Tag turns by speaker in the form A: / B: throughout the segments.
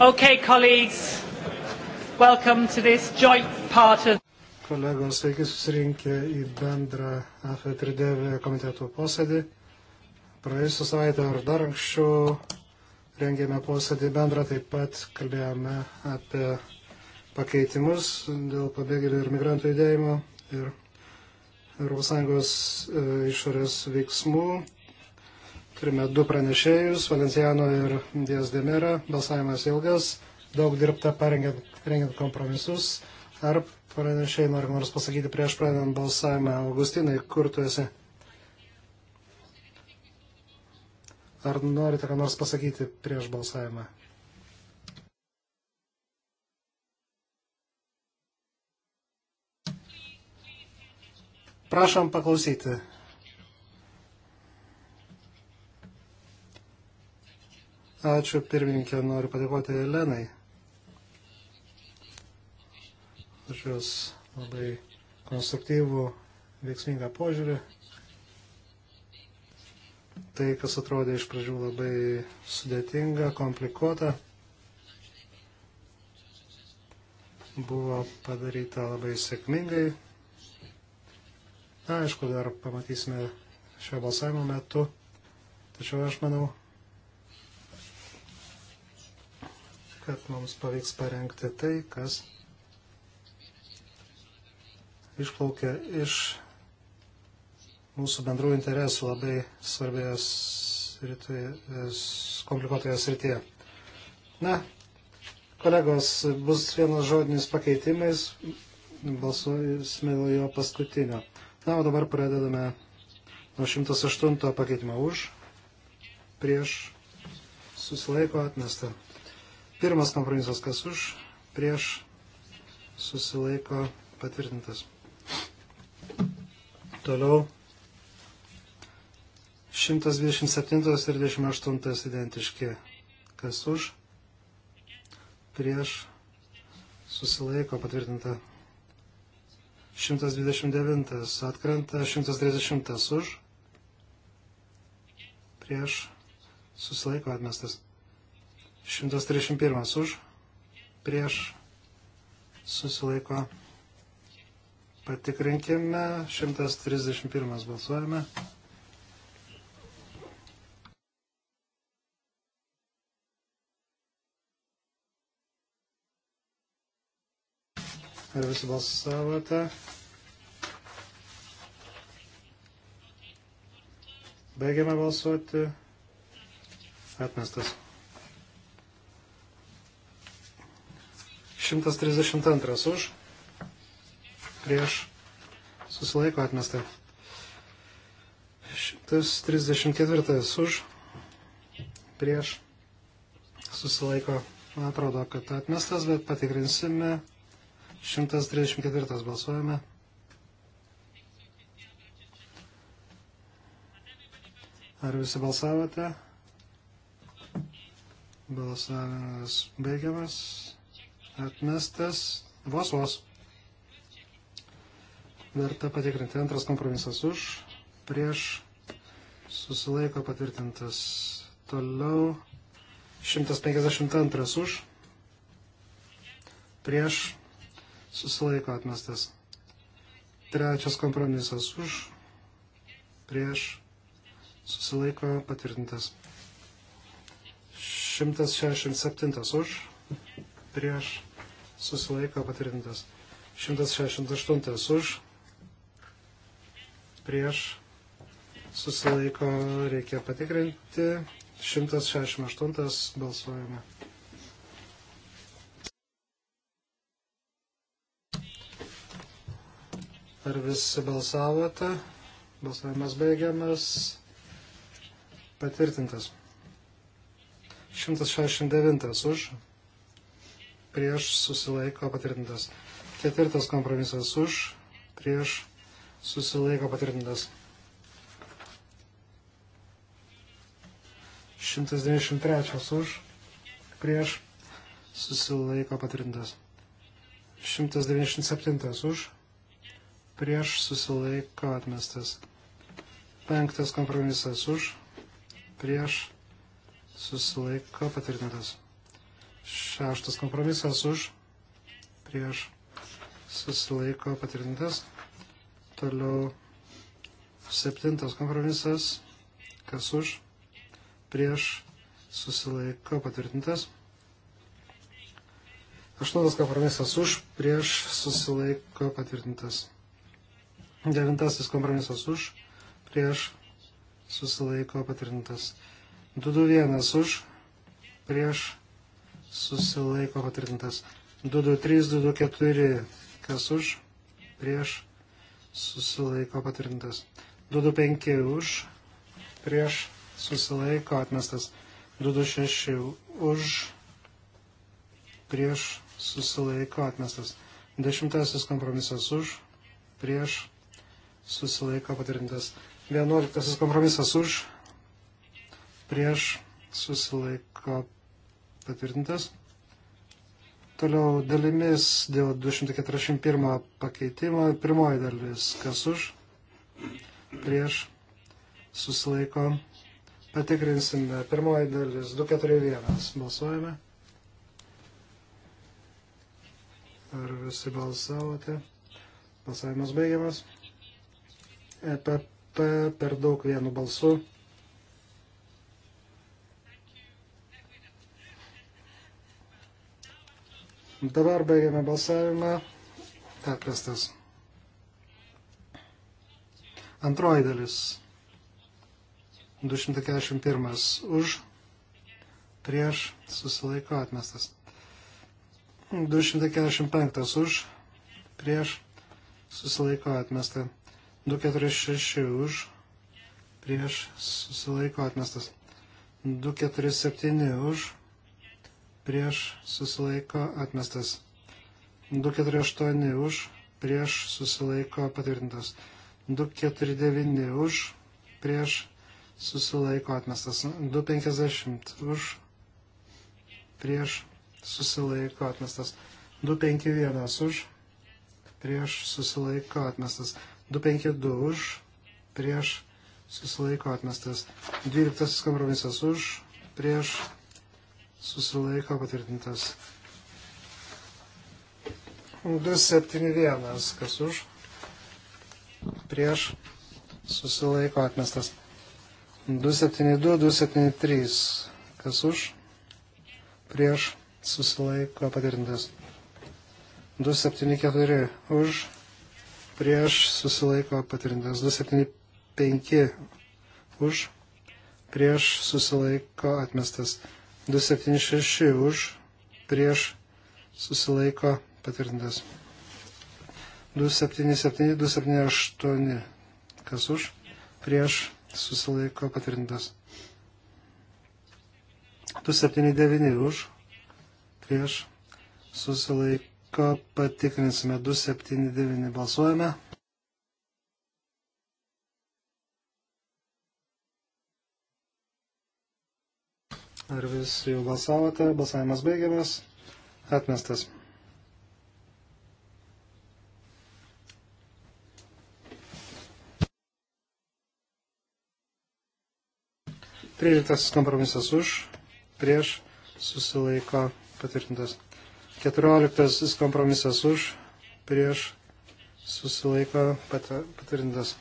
A: Okay, colleagues,
B: welcome to this joint part of. Kolegos, sveiki susirinkę į bendrą AF3D e komitetų posėdį. Praėjusią savaitę ar dar anksčiau rengėme posėdį bendrą, taip pat kalbėjome apie pakeitimus dėl pabėgėlių ir migrantų judėjimo ir ES e, išorės veiksmų. Turime du pranešėjus, Valenciano ir Dijas Demera. Balsavimas ilgas, daug dirbta parengiant, rengiant kompromisus. Ar pranešėjai nori nors pasakyti prieš pradedant balsavimą, Augustinai, kur tu esi? Ar norite ką nors pasakyti prieš balsavimą? Prašom paklausyti. Ačiū pirmininkė, noriu padėkoti Elenai už jos labai konstruktyvų, veiksmingą požiūrį. Tai, kas atrodė iš pradžių labai sudėtinga, komplikuota, buvo padaryta labai sėkmingai. Na, aišku, dar pamatysime šio balsavimo metu, tačiau aš manau, kad mums pavyks parengti tai, kas išplaukia iš mūsų bendrų interesų labai svarbioje srityje, komplikuotoje srityje. Na, kolegos, bus vienas žodinis pakeitimais, balsuosime dėl jo paskutinio. Na, o dabar pradedame nuo 108 pakeitimo už, prieš, susilaiko atmestą. Pirmas kompromisas, kas už, prieš, susilaiko patvirtintas. Toliau 127 ir 28 identiški. Kas už, prieš, susilaiko patvirtinta. 129 atkrenta, 130 už, prieš, susilaiko atmestas. 131 už, prieš susilaiko. Patikrinkime, 131 balsuojame. Ar visi balsavote? Baigiame balsuoti. Atmestas. 132 už, prieš, susilaiko atmesta. 134 už, prieš, susilaiko, man atrodo, kad atmestas, bet patikrinsime. 134 balsuojame. Ar visi balsavote? Balsavimas baigiamas. Atmestas vos vos. Verta patikrinti. Antras kompromisas už. Prieš. Susilaiko patvirtintas. Toliau. 152 už. Prieš. Susilaiko atmestas. Trečias kompromisas už. Prieš. Susilaiko patvirtintas. 167 už prieš susilaiko patvirtintas. 168 už prieš susilaiko reikia patikrinti. 168 balsuojame. Ar visi balsavote? Balsavimas baigiamas. Patvirtintas. 169 už prieš susilaiko patvirtintas. Ketvirtas kompromisas už, prieš susilaiko patvirtintas. 193 už, prieš susilaiko patvirtintas. 197 už, prieš susilaiko atmestas. Penktas kompromisas už, prieš susilaiko patvirtintas. Šeštas kompromisas už, prieš, susilaiko patvirtintas. Toliau septintas kompromisas, kas už, prieš, susilaiko patvirtintas. Aštuntas kompromisas už, prieš, susilaiko patvirtintas. Devintasis kompromisas už, prieš, susilaiko patvirtintas. 2-2-1 už, prieš, susilaiko patvirtintas. 223, 224, kas už, prieš, susilaiko patvirtintas. 225 už, prieš, susilaiko atmestas. 226 už, prieš, susilaiko atmestas. Dešimtasis kompromisas už, prieš, susilaiko patvirtintas. Vienuoliktasis kompromisas už, prieš, susilaiko patvirtintas patvirtintas. Toliau dalimis dėl 241 pakeitimo. Pirmoji dalis, kas už, prieš, susilaiko. Patikrinsime. Pirmoji dalis, 241. Balsuojame. Ar visi balsavote? Balsavimas baigiamas. EPP per daug vienu balsu. Dabar baigiame balsavimą. Atmestas. Antroji dalis. 241 už, prieš, susilaiko atmestas. 245 už, prieš, susilaiko atmestą. 246 už, prieš, susilaiko atmestas. 247 už, prieš susilaiko atmestas. 248 už, prieš susilaiko patvirtintas. 249 už, prieš susilaiko atmestas. 250 už, prieš susilaiko atmestas. 251 už, prieš susilaiko atmestas. 252 už, prieš susilaiko atmestas. 12 kompromisas už, prieš susilaiko patvirtintas. 271, kas už, prieš, susilaiko atmestas. 272, 273, kas už, prieš, susilaiko patvirtintas. 274, už, prieš, susilaiko patvirtintas. 275, už, prieš, susilaiko atmestas. 276 už, prieš susilaiko patvirtintas. 277, 278 kas už, prieš susilaiko patvirtintas. 279 už, prieš susilaiko patikrinsime. 279 balsuojame. Ar visi jau balsavote? Balsavimas baigiamas. Atmestas. Tryliktasis kompromisas už, prieš, susilaiko patvirtintas. Keturioliktasis kompromisas už, prieš, susilaiko patvirtintas.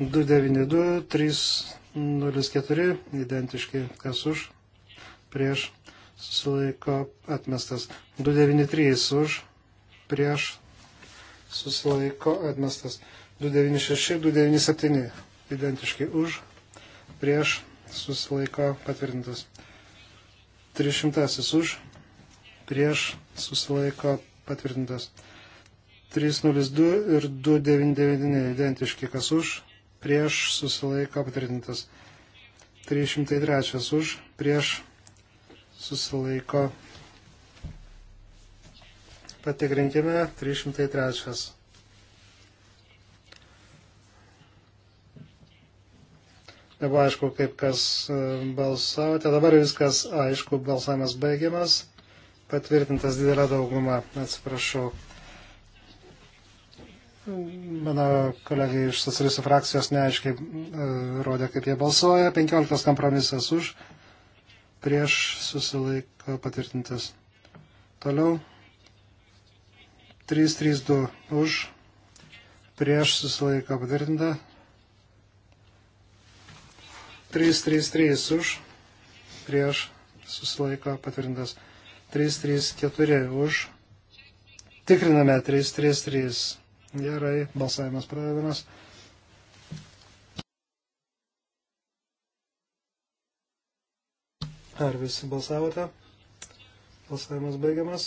B: 292, 3 04 identiški, kas už, prieš, susilaiko atmestas. 293 už, prieš, susilaiko atmestas. 296, 297 identiški už, prieš, susilaiko patvirtintas. 300 už, prieš, susilaiko patvirtintas. 302 ir 299 identiški, kas už, prieš susilaiko patvirtintas. 303 už, prieš susilaiko. Patikrinkime 303. Nebuvo aišku, kaip kas e, balsavote. Dabar viskas aišku, balsavimas baigiamas. Patvirtintas didelė dauguma. Atsiprašau mano kolegai iš socialistų frakcijos neaiškiai e, rodė, kaip jie balsuoja. 15 kompromisas už, prieš susilaiko patvirtintas. Toliau 332 už, prieš susilaiko patvirtinta. 333 už, prieš susilaiko patvirtintas. 334 už. Tikriname 333. Gerai, balsavimas pradedamas. Ar visi balsavote? Balsavimas baigiamas.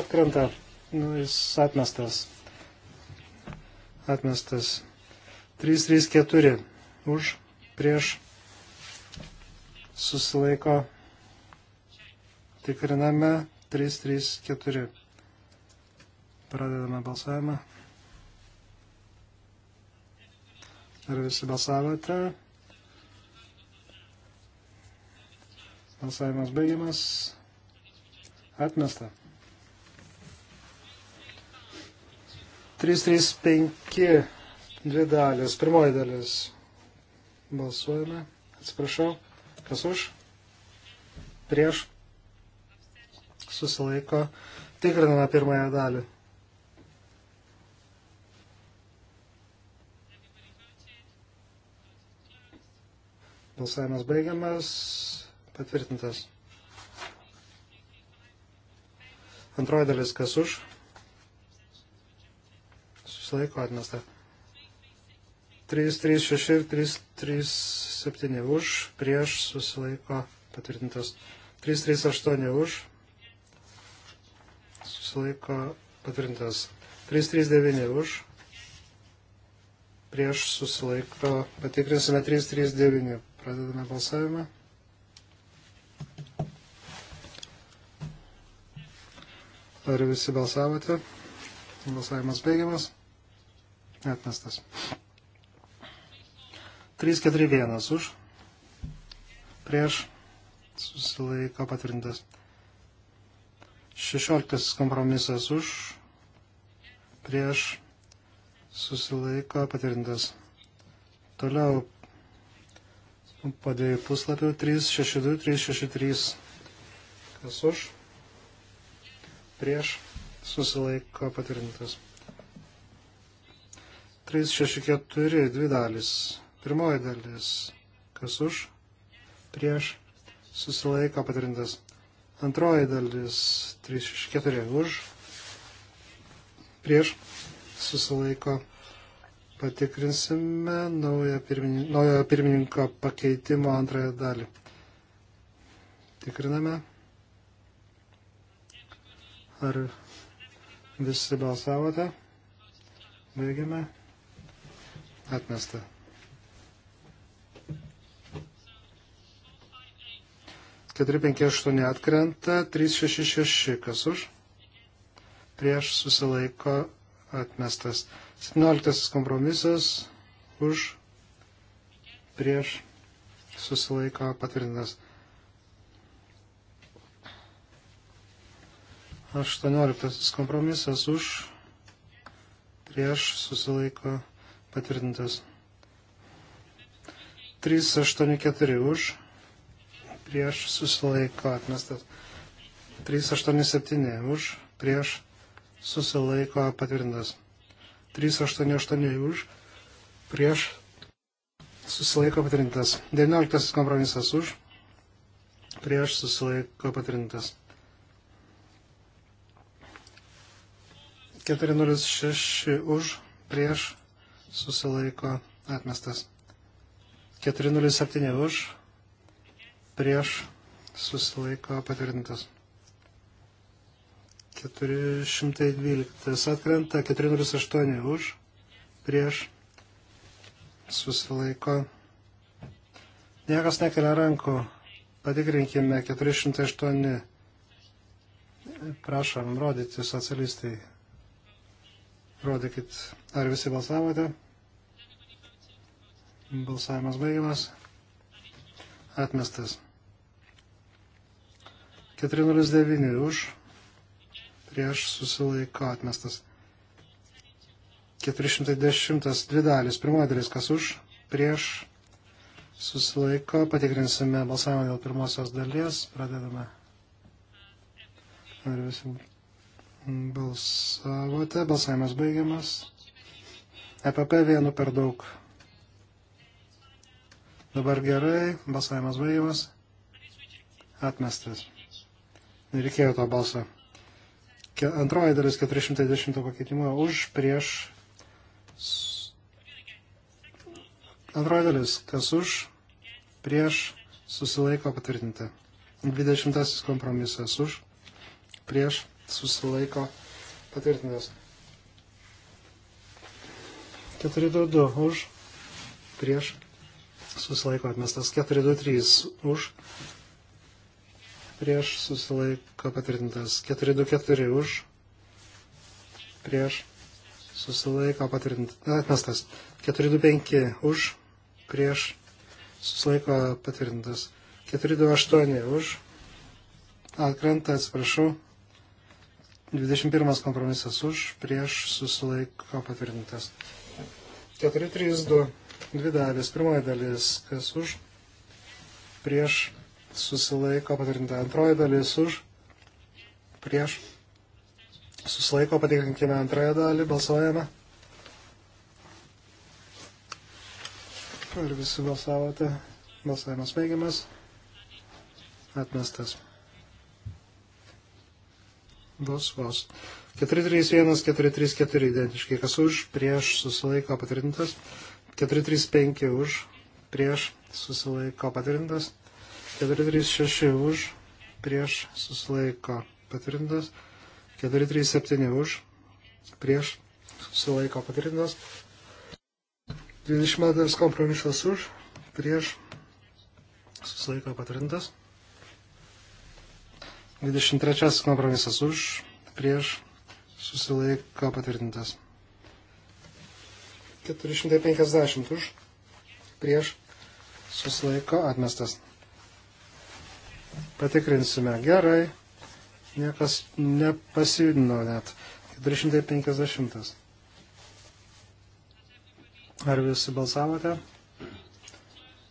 B: Atkrenta. Nu, jis atmestas. Atmestas. 334. Už, prieš. Susilaiko. Tikriname. 334. Pradedame balsavimą. Ar visi balsavote? Balsavimas baigiamas. Atmesta. 335 dvi dalis. Pirmoji dalis. Balsuojame. Atsiprašau. Kas už? Prieš. Susilaiko. Tikriname pirmąją dalį. Balsavimas baigiamas. Patvirtintas. Antroji dalis kas už. Susilaiko atmesta. 3, 3, 6 ir 3, 3, 7 už. Prieš susilaiko patvirtintas. 3, 3, 8 už. Susilaiko patvirtintas. 339 už. Prieš susilaiko. Patikrinsime 339. Pradedame balsavimą. Ar visi balsavote? Balsavimas baigiamas. Atmestas. 341 už. Prieš. Susilaiko patvirtintas. 16 kompromisas už. Prieš. Susilaiko patvirtintas. Toliau po dviejų puslapių 362, 363. Kas už? Prieš susilaiko patvirtintas. 364, dvi dalis. Pirmoji dalis. Kas už? Prieš susilaiko patvirtintas. Antroji dalis. 364 už. Prieš susilaiko patvirtintas patikrinsime naujo pirmininko, naujo pirmininko pakeitimo antrąją dalį. Tikriname. Ar visi balsavote? Baigiame. Atmesta. 458 atkrenta, 366 kas už, prieš susilaiko atmestas. 17 kompromisas už prieš susilaiko patvirtintas. 18 kompromisas už prieš susilaiko patvirtintas. 384 už prieš susilaiko atmestas. 387 už prieš susilaiko patvirtintas. 388 už, prieš, susilaiko patrintas. 19 kompromisas už, prieš, susilaiko patrintas. 406 už, prieš, susilaiko atmestas. 407 už, prieš, susilaiko patvirtintas. 412 atkrenta, 408 už, prieš, susilaiko. Niekas nekelia rankų. Patikrinkime 408. Prašom rodyti socialistai. Rodykit, ar visi balsavote. Balsavimas baigiamas. Atmestas. 409 už prieš susilaiko atmestas. 410 dvi dalis, pirmoji dalis kas už, prieš susilaiko, patikrinsime balsavimą dėl pirmosios dalies, pradedame. Ar visi balsavote, balsavimas baigiamas. EPP vienu per daug. Dabar gerai, balsavimas baigiamas. Atmestas. Nereikėjo to balsą. Antroji dalis 410 pakeitimo už prieš. Antroji dalis, kas už, prieš, susilaiko patvirtinta. 20 kompromisas už, prieš, susilaiko patvirtintas. 422 už, prieš, susilaiko atmestas. 423 už, prieš susilaiko patvirtintas. 424 už prieš susilaiko patvirtintas. Atmestas. 425 už prieš susilaiko patvirtintas. 428 už atkrenta, atsiprašau. 21 kompromisas už, prieš susilaiko patvirtintas. 432, dvi dalis, pirmoji dalis, kas už, prieš susilaiko patvirtinta. Antroji dalis už, prieš, susilaiko patikrinkime antrąją dalį, balsuojame. Ir visi balsavote. Balsavimas baigiamas. Atmestas. Vos, vos. 431, 434 identiškai. Kas už, prieš, susilaiko patvirtintas. 435 už, prieš, susilaiko patvirtintas. 436 už, prieš susilaiko patvirtintas, 437 už, prieš susilaiko patvirtintas, 20 kompromisas už, prieš susilaiko patvirtintas, 23 kompromisas už, prieš susilaiko patvirtintas, 450 už, prieš susilaiko atmestas. Patikrinsime gerai. Niekas nepasijudino net. 450. Ar visi balsavote?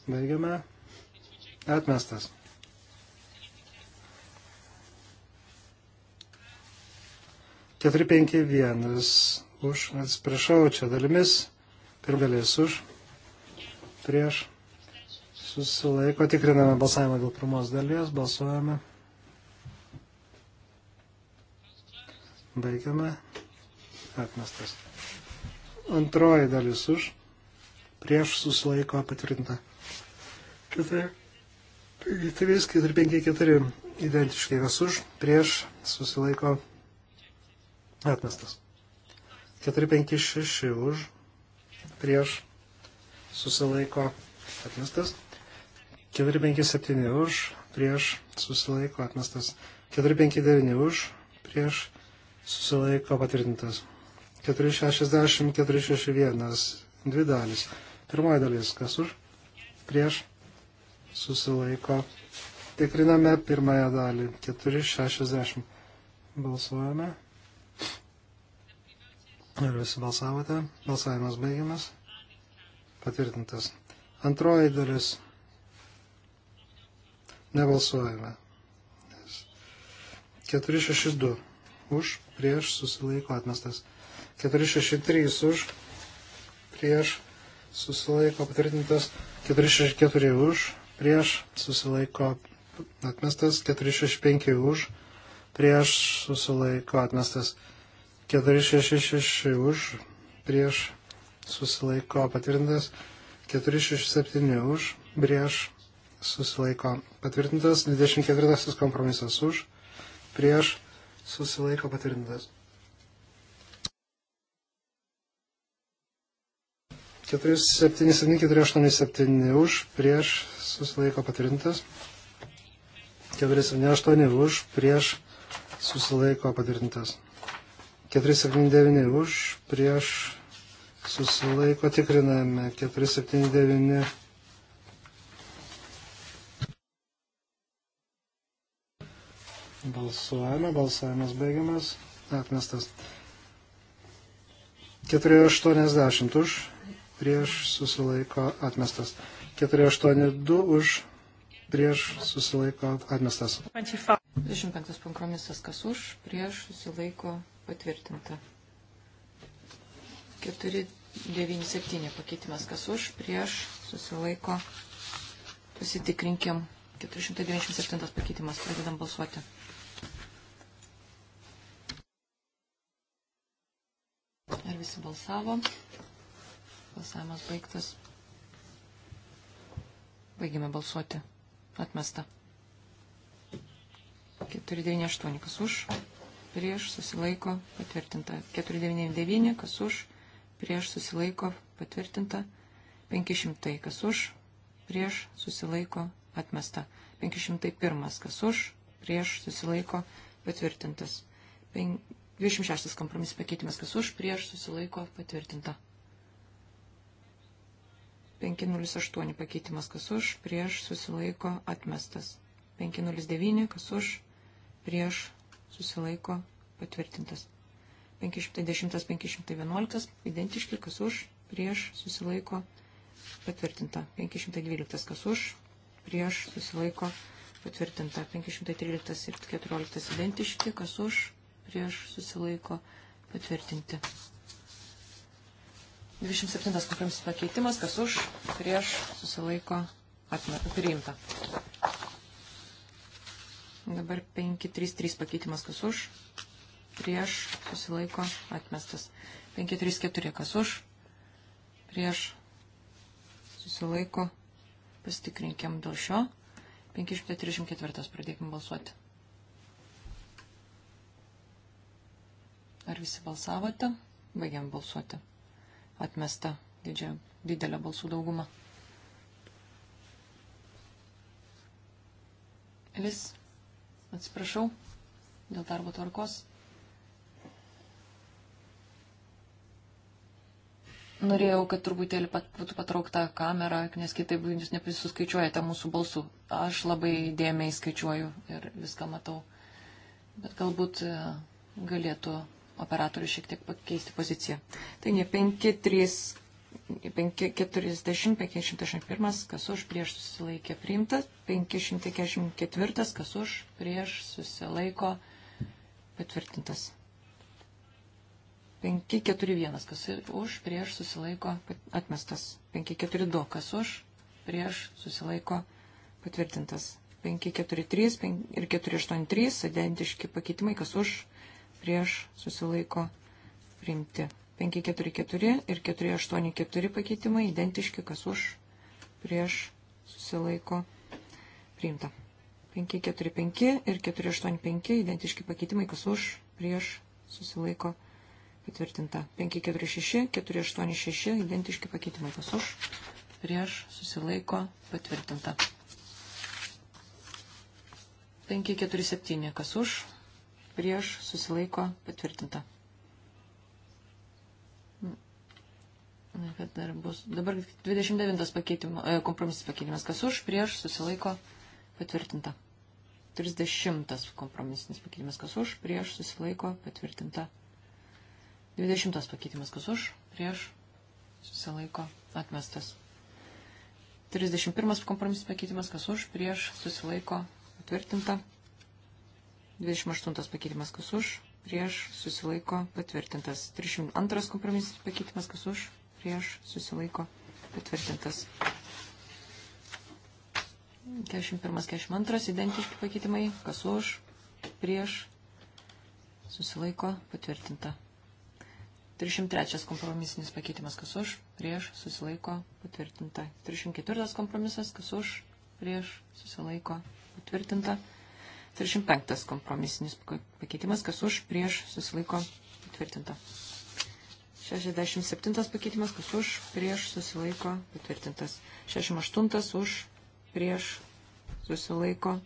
B: Baigiame. Atmestas. Keturi penki vienas už, atsiprašau, čia dalimis, pirmgalės už, prieš susilaiko, tikriname balsavimą dėl pirmos dalies, balsuojame. Baigiame. Atmestas. Antroji dalis už. Prieš susilaiko patvirtinta. 4, 3, 4, 5, 4. Identiškai kas už. Prieš susilaiko atmestas. 4, 5, 6 už. Prieš susilaiko atmestas. 457 už, prieš susilaiko atmestas. 459 už, prieš susilaiko patvirtintas. 460, 461, dvi dalis. Pirmoji dalis, kas už, prieš susilaiko. Tikriname pirmąją dalį, 460. Balsuojame. Ar visi balsavote? Balsavimas baigiamas. Patvirtintas. Antroji dalis Nebalsuojame. 462 už, prieš, susilaiko atmestas. 463 už, prieš, susilaiko patvirtintas. 464 už, prieš, susilaiko atmestas. 465 už, prieš, susilaiko atmestas. 466 už, prieš, susilaiko patvirtintas. 467 už, prieš, susilaiko patvirtintas, 24 kompromisas už, prieš susilaiko patvirtintas. 477, 487 už, prieš susilaiko patvirtintas. 478 už, prieš susilaiko patvirtintas. 479 už, prieš susilaiko tikriname. 479 Balsuojame, balsavimas baigiamas, atmestas. 480 už, prieš susilaiko atmestas. 482 už, prieš susilaiko atmestas.
A: 25 kompromisas kas už, prieš susilaiko patvirtinta. 497 pakeitimas kas už, prieš susilaiko pasitikrinkim. 497 pakeitimas pradedam balsuoti. visi balsavo. Balsavimas baigtas. Baigime balsuoti. Atmesta. 498 kas už, prieš susilaiko patvirtinta. 499 kas už, prieš susilaiko patvirtinta. 500 kas už, prieš susilaiko atmesta. 501 kas už, prieš susilaiko patvirtintas. 5 26 kompromis pakeitimas, kas už, prieš, susilaiko, patvirtinta. 508 pakeitimas, kas už, prieš, susilaiko, atmestas. 509, kas už, prieš, susilaiko, patvirtintas. 510, 511, identiški, kas už, prieš, susilaiko, patvirtinta. 512, kas už, prieš, susilaiko, patvirtinta. 513 ir 14 identiški, kas už, prieš susilaiko patvirtinti. 27 kompromisų pakeitimas, kas už, prieš susilaiko atmeta, priimta. Dabar 533 pakeitimas, kas už, prieš susilaiko atmestas. 534 kas už, prieš susilaiko, pasitikrinkiam dėl šio. 534 pradėkime balsuoti. Ar visi balsavote? Baigiam balsuoti. Atmesta didžia, didelė balsų dauguma. Vis atsiprašau dėl darbo tvarkos. Norėjau, kad truputėlį pat, būtų patraukta kamera, nes kitaip jūs neprisuskaičiuojate mūsų balsų. Aš labai dėmiai skaičiuoju ir viską matau. Bet galbūt e, galėtų operatorių šiek tiek pakeisti poziciją. Taigi 5, 3, 5, 40, 561, kas už prieš susilaikė priimtas, 544, kas už prieš susilaiko patvirtintas. 5, 4, 1, kas už prieš susilaiko atmestas. 5, 4, 2, kas už prieš susilaiko patvirtintas. 5, 4, 3 5, ir 4, 8, 3, identiški pakeitimai, kas už prieš susilaiko priimti. 544 ir 484 pakeitimai identiški, kas už prieš susilaiko priimta. 545 ir 485 identiški pakeitimai, kas už prieš susilaiko patvirtinta. 546, 486 identiški pakeitimai, kas už prieš susilaiko patvirtinta. 547, kas už prieš susilaiko patvirtinta. Na, kad dar bus. Dabar 29 pakeitimo, e, kompromisas pakeitimas. Kas už, prieš, susilaiko, patvirtinta. 30 kompromisinis pakeitimas. Kas už, prieš, susilaiko, patvirtinta. 20 pakeitimas. Kas už, prieš, susilaiko, atmestas. 31 kompromisinis pakeitimas. Kas už, prieš, susilaiko, patvirtinta. 28 pakeitimas kas už, prieš, susilaiko, patvirtintas. 32 kompromisinis pakeitimas kas už, prieš, susilaiko, patvirtintas. 41-42 identiški pakeitimai, kas už, prieš, susilaiko, patvirtinta. 303 kompromisinis pakeitimas, kas už, prieš, susilaiko, patvirtinta. 304 kompromisas, kas už, prieš, susilaiko, patvirtinta. 305 35 kompromisinis pakeitimas, kas už, prieš, susilaiko, patvirtinta. 67 pakeitimas, kas už, prieš, susilaiko, patvirtintas. 68 už, prieš, susilaiko.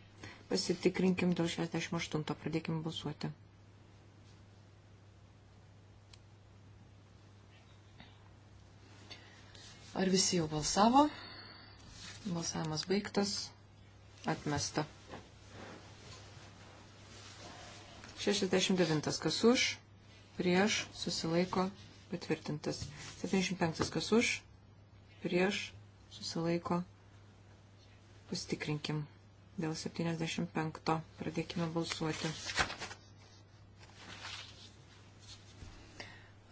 A: Pasitikrinkim dėl 68, pradėkim balsuoti. Ar visi jau balsavo? Balsavimas baigtas. Atmesta. 69. Kas už, prieš, susilaiko, patvirtintas. 75. Kas už, prieš, susilaiko, pastikrinkim. Dėl 75. Pradėkime balsuoti.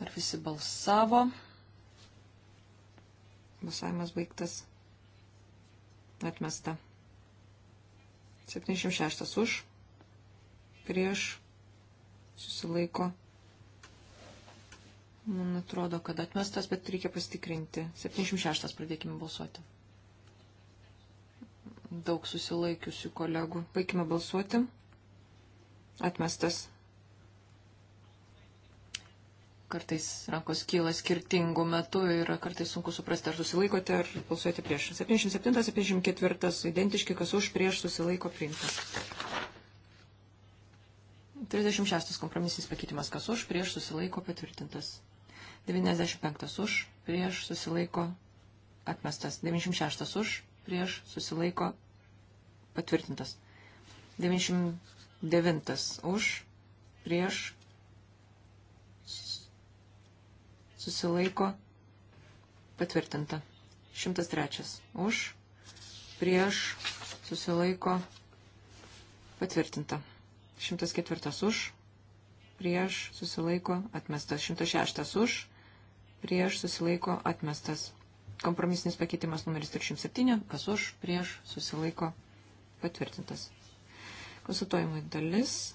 A: Ar visi balsavo? Balsavimas baigtas. Atmesta. 76 už. Prieš susilaiko. Man atrodo, kad atmestas, bet reikia pasitikrinti. 76 pradėkime balsuoti. Daug susilaikiusių kolegų. Baigime balsuoti. Atmestas. Kartais rankos kyla skirtingų metų ir kartais sunku suprasti, ar susilaikote, ar balsuojate prieš. 77, 74 identiški, kas už prieš susilaiko priimtas. 36 kompromisinis pakeitimas kas už, prieš susilaiko patvirtintas. 95 už, prieš susilaiko atmestas. 96 už, prieš susilaiko patvirtintas. 99 už, prieš susilaiko patvirtinta. 103 už, prieš susilaiko patvirtinta. 104 už, prieš susilaiko atmestas. 106 už, prieš susilaiko atmestas. Kompromisinis pakeitimas numeris 37, kas už, prieš susilaiko patvirtintas. Konsultuojimai dalis.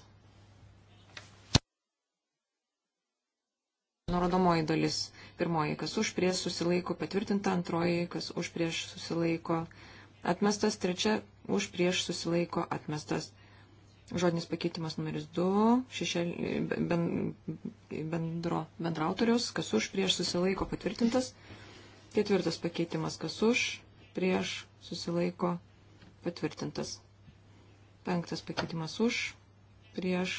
A: Nurodomoji dalis. Pirmoji, kas už prieš susilaiko patvirtinta, antroji, kas už prieš susilaiko atmestas, trečia, už prieš susilaiko atmestas. Žodinis pakeitimas numeris 2, šešėl, ben, bendro, bendrautorius, kas už, prieš susilaiko patvirtintas. Ketvirtas pakeitimas, kas už, prieš susilaiko patvirtintas. Penktas pakeitimas už, prieš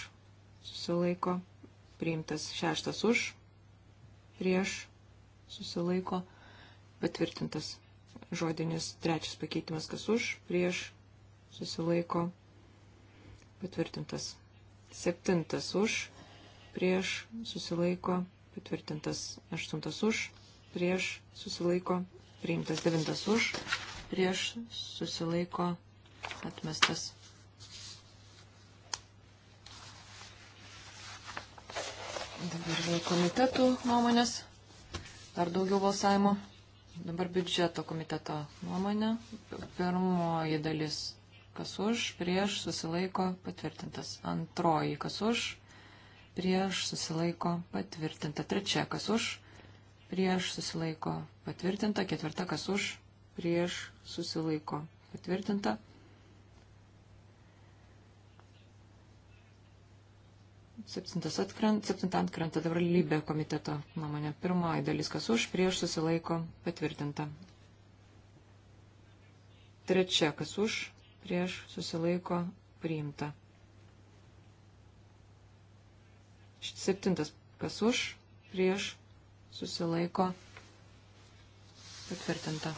A: susilaiko priimtas. Šeštas už, prieš susilaiko patvirtintas. Žodinis trečias pakeitimas, kas už, prieš susilaiko patvirtintas patvirtintas. Septintas už, prieš susilaiko, patvirtintas. Aštuntas už, prieš susilaiko, priimtas. Devintas už, prieš susilaiko, atmestas. Dabar dėl komitetų nuomonės. Dar daugiau balsavimo. Dabar biudžeto komiteto nuomonė. Pirmoji dalis kas už, prieš, susilaiko, patvirtintas. Antroji, kas už, prieš, susilaiko, patvirtinta. Trečia, kas už, prieš, susilaiko, patvirtinta. Ketvirta, kas už, prieš, susilaiko, patvirtinta. Septintas atkrenta, septinta atkrenta dabar lybė komiteto nuomonė. Pirmoji dalis, kas už, prieš susilaiko, patvirtinta. Trečia, kas už, prieš susilaiko priimta. Septintas kas už, prieš susilaiko patvirtinta.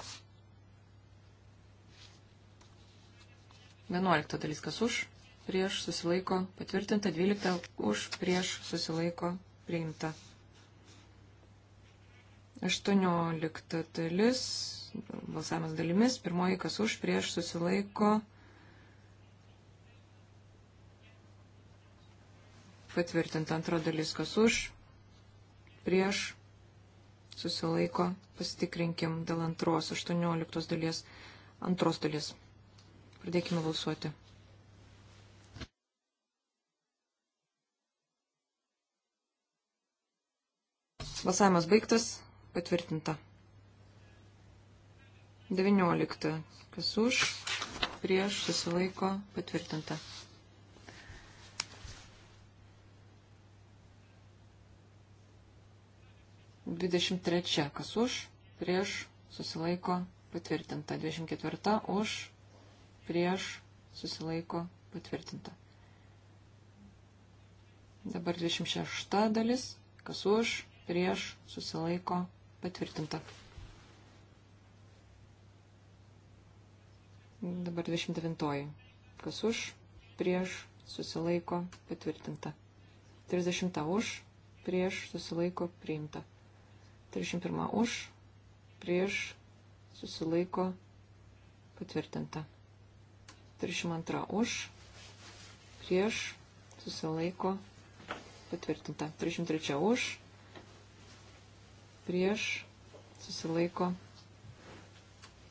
A: Vienuolikta dalis kas už, prieš susilaiko patvirtinta, dvylikta už, prieš susilaiko priimta. Aštuoniolikta dalis balsavimas dalimis. Pirmoji, kas už, prieš susilaiko, patvirtinta antro dalis, kas už, prieš, susilaiko, pasitikrinkim dėl antros, 18 dalies, antros dalies. Pradėkime balsuoti. Balsavimas baigtas, patvirtinta. 19. Kas už, prieš, susilaiko, patvirtinta. 23. Kas už, prieš, susilaiko, patvirtinta. 24. Už, prieš, susilaiko, patvirtinta. Dabar 26 dalis. Kas už, prieš, susilaiko, patvirtinta. Dabar 29. Kas už, prieš, susilaiko, patvirtinta. 30 už, prieš, susilaiko, priimta. 31 už, prieš, susilaiko, patvirtinta. 32 už, prieš, susilaiko, patvirtinta. 33 už, prieš, susilaiko,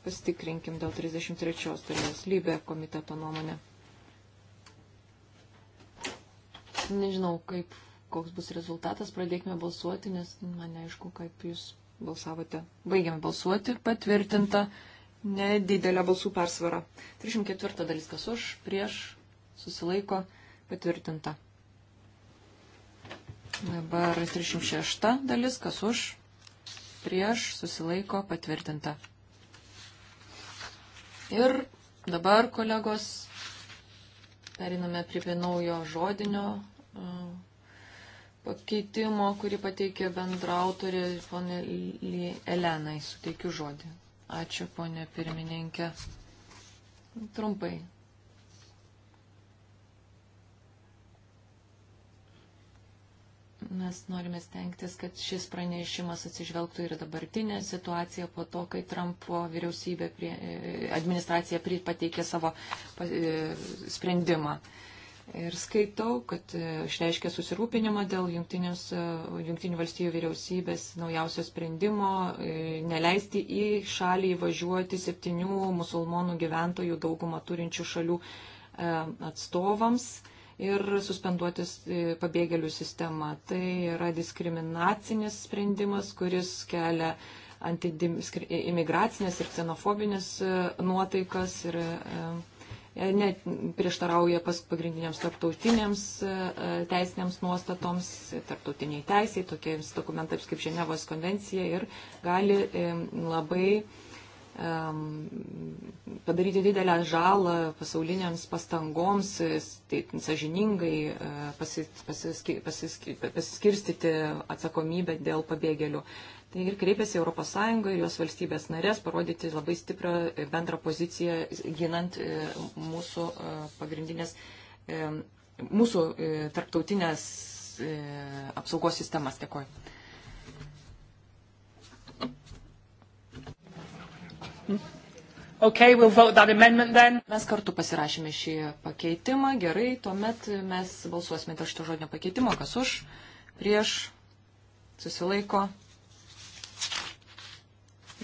A: pasitikrinkim dėl 33 dalies lybė komiteto nuomonė. Nežinau, kaip koks bus rezultatas, pradėkime balsuoti, nes man neaišku, kaip jūs balsavote. Baigiame balsuoti, patvirtinta nedidelė balsų persvara. 304 dalis kas už, prieš, susilaiko, patvirtinta. Dabar 306 dalis kas už, prieš, susilaiko, patvirtinta. Ir dabar, kolegos, periname prie naujo žodinio pakeitimo, kurį pateikė bendrautorė ponė Elenai. Suteikiu žodį. Ačiū, ponė pirmininkė. Trumpai. Mes norime stengtis, kad šis pranešimas atsižvelgtų ir dabartinę situaciją po to, kai Trumpo vyriausybė, prie, e, administracija pateikė savo e, sprendimą. Uh, ir skaitau, kad e, išreiškia susirūpinimą dėl Junktinių e, valstybių vyriausybės naujausio sprendimo e, neleisti į šalį įvažiuoti septynių musulmonų gyventojų daugumą turinčių šalių atstovams ir suspenduoti pabėgėlių sistemą. Tai yra diskriminacinis sprendimas, kuris kelia imigracinės ir ksenofobinės nuotaikas. Ir, e, net prieštarauja pas pagrindiniams tarptautiniams e, teisiniams nuostatoms, tarptautiniai teisiai, tokiems dokumentams kaip Ženevos konvencija ir gali e, labai padaryti didelę žalą pasauliniams pastangoms, e, tai sažiningai pasiskirstyti atsakomybę dėl pabėgėlių. Tai ir kreipėsi ES ir jos valstybės narės parodyti labai stiprią e, bendrą poziciją ginant e, mūsų e, pagrindinės, mūsų tarptautinės apsaugos sistemas. Dėkuoju. Okay, we'll vote that amendment then. Mes kartu pasirašėme šį pakeitimą. Gerai, tuomet mes balsuosime dėl šito žodinio pakeitimo. Kas už, prieš, susilaiko,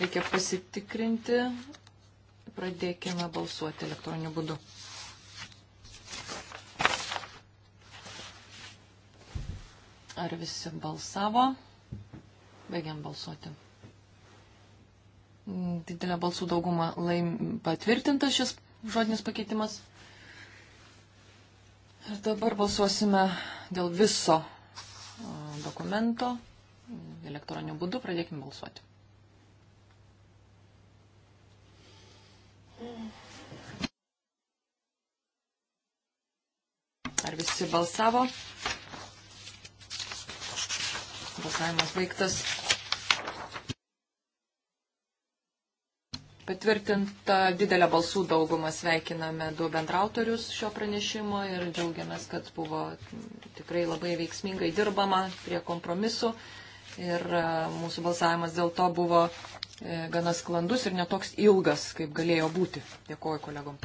A: Reikia pasitikrinti. Pradėkime balsuoti elektroniniu būdu. Ar visi balsavo? Baigiam balsuoti. Didelė balsų dauguma laim patvirtintas šis žodinis pakeitimas. Ir dabar balsuosime dėl viso dokumento elektroniniu būdu. Pradėkime balsuoti. Ar visi balsavo? Balsavimas baigtas. Patvirtinta didelė balsų dauguma sveikiname du bendrautorius šio pranešimo ir džiaugiamės, kad buvo tikrai labai veiksmingai dirbama prie kompromisu ir e, mūsų balsavimas dėl to buvo e, gana sklandus ir netoks ilgas, kaip galėjo būti. Dėkuoju kolegom.